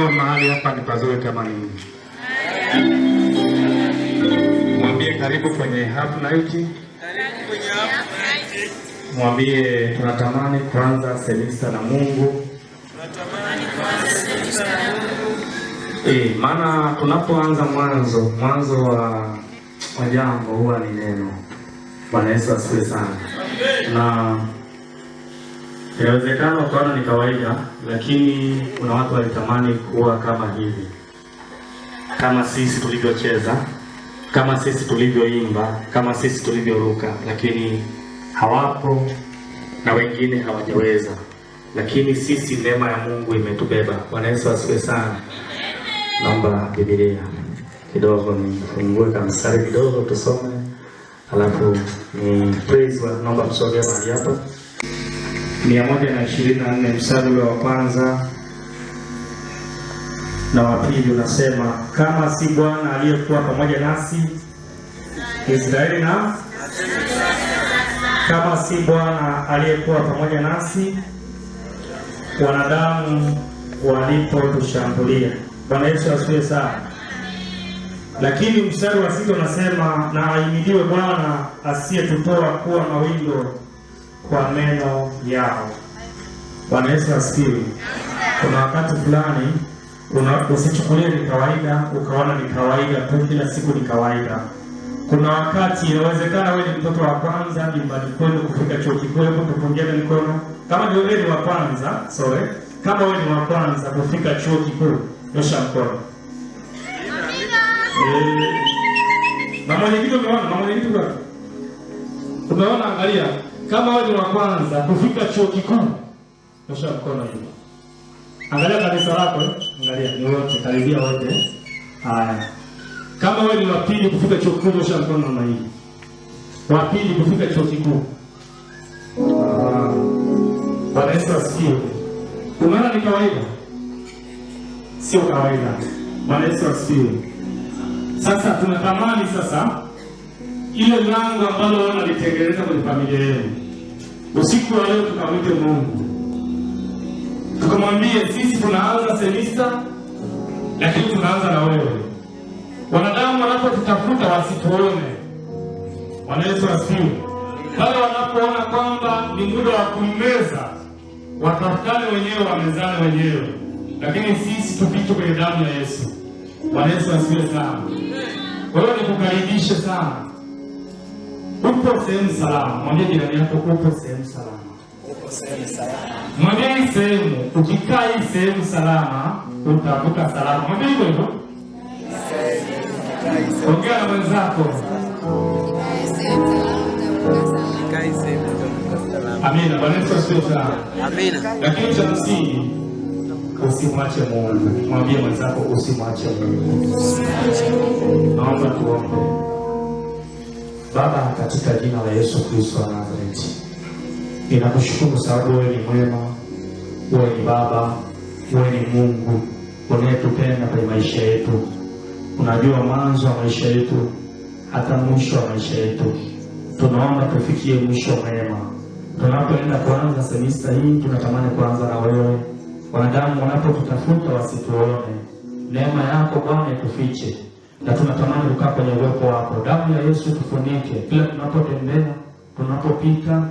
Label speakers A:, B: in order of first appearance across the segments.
A: yako mahali hapa ni pazuri kama nini. Mwambie karibu kwenye hafla hiki, mwambie tunatamani kuanza semista na Mungu Eh, maana tunapoanza mwanzo mwanzo wa jambo huwa ni neno. Bwana Yesu asifiwe sana na Inawezekana ukaona ni kawaida, lakini kuna watu walitamani kuwa kama hivi, kama sisi tulivyocheza, kama sisi tulivyoimba, kama sisi tulivyoruka, lakini hawapo na wengine hawajaweza. Lakini sisi neema ya Mungu imetubeba. Bwana Yesu asifiwe sana. Naomba Biblia kidogo nifungue kamsari kidogo tusome, alafu ni praise. Naomba msogee mahali hapa. 124 mstari ule wa kwanza na wa pili unasema, kama si Bwana aliyekuwa pamoja nasi Israeli na kama si Bwana aliyekuwa pamoja nasi wanadamu walipotushambulia. Bwana Yesu asifiwe sana. Lakini mstari wa sita unasema, na ahimidiwe Bwana asiyetutoa kuwa mawindo kwa meno yao. Bwana Yesu asifiwe. Kuna wakati fulani usichukulie ni kawaida, ukaona ni kawaida tu, kila siku ni kawaida. Kuna wakati inawezekana wewe ni mtoto wa kwanza nyumbani kwenu kufika chuo kikuu, hapo kupungia mikono kama wewe ni wa kwanza. Sorry, kama wewe ni wa kwanza kufika chuo kikuu, nyosha mkono.
B: Amina. Eh,
A: mama umeona, mama nyingine umeona, angalia kama wewe ni wa kwanza kufika chuo kikuu, nyosha mkono hivi. Angalia kanisa lako, eh. angalia ni wote, karibia wote. Eh. Haya. Kama wewe ni wa pili kufika chuo kikuu, nyosha mkono namna hii. Wa pili kufika chuo kikuu. Ah. Bwana Yesu asifiwe. Unaona ni kawaida? Sio kawaida. Bwana Yesu asifiwe. Sasa tunatamani sasa ile lango ambalo nalitengeneza kwenye familia yenu. Usiku wa leo tukamwite Mungu, tukamwambie sisi tunaanza semista, lakini tunaanza na wewe. Wanadamu wanapotutafuta wasituone. Bwana Yesu asifiwe. Pale wanapoona kwamba ni muda wa kummeza, watafutane wenyewe, wamezane wenyewe, lakini sisi tupite kwenye damu ya Yesu. Bwana Yesu asifiwe sana. Kwa hiyo nikukaribishe sana upo sehemu salama. Mwambie jirani yako, upo sehemu salama.
B: Upo sehemu salama.
A: Mwambie hii sehemu, ukikaa hii sehemu salama utavuka salama. Mwambie hivyo hivyo. Ongea na wenzako. Amina. Bwana Yesu asifiwe sana. Amina. Lakini cha msingi usimwache Mungu. Mwambie mwenzako usimwache Mungu. Naomba tuombe. Baba, katika jina la Yesu Kristo wa Nazareti, ninakushukuru sababu wewe ni mwema, wewe ni Baba, wewe ni Mungu unayetupenda kwenye maisha yetu. Unajua mwanzo wa maisha yetu hata mwisho wa maisha yetu. Tunaomba tufikie mwisho mwema. Tunapoenda kuanza semista hii, tunatamani kuanza na wewe. Wanadamu wanapotutafuta wasituone, neema yako Bwana itufiche na tunatamani kukaa kwenye uwepo wako. Damu ya Yesu tufunike kila tunapotembea, tunapopita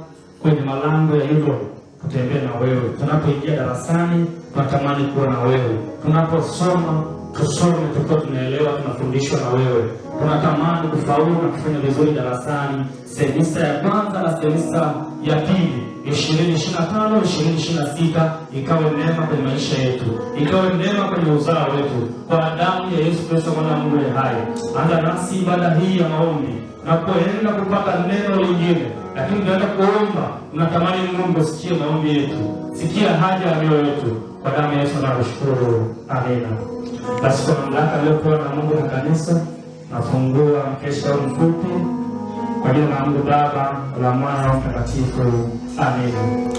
A: kwenye malango ya hilo, tutembee na wewe, tunapoingia darasani tunatamani kuwa na wewe. Tunaposoma tusome tukiwa tunaelewa, tunafundishwa na wewe. Tunatamani kufaulu na kufanya vizuri darasani, semista ya kwanza na semista ya pili ishirini ishiri na sita ikawe mema kwenye maisha yetu, ikawe mema kwenye uzao wetu, kwa damu ya Yesu Kristo mwana Mungu hai. Anza nasi ibada hii ya maombi na kuenda kupata neno lingine lakini tunaenda kuomba, unatamani Mungu sikie maombi yetu, sikia haja ya mioyo yetu. Kwa damu ya Yesu nakushukuru, amina. Basi kwa mamlaka aliyopewa na Mungu na kanisa, nafungua mkesha mfupi kwa jina la Mungu Baba, la Mwana na Mtakatifu, amina.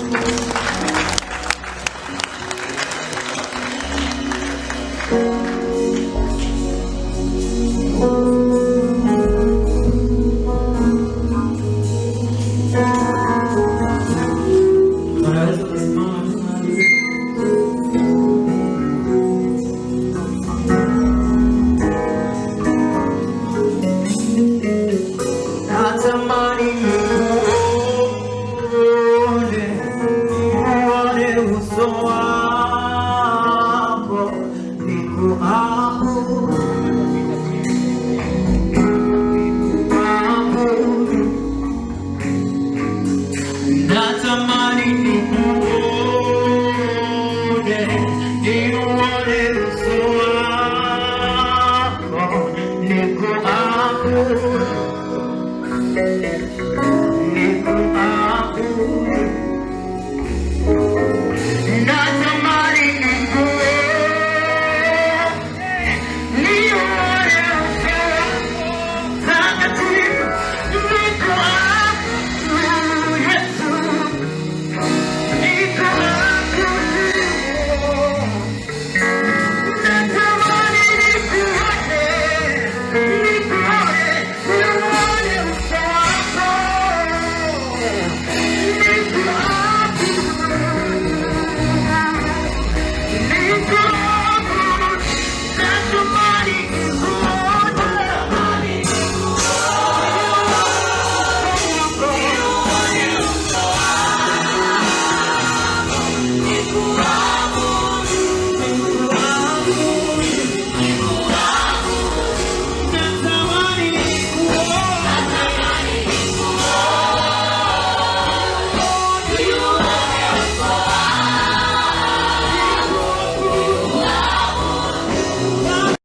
A: nusura, Mungu akubariki.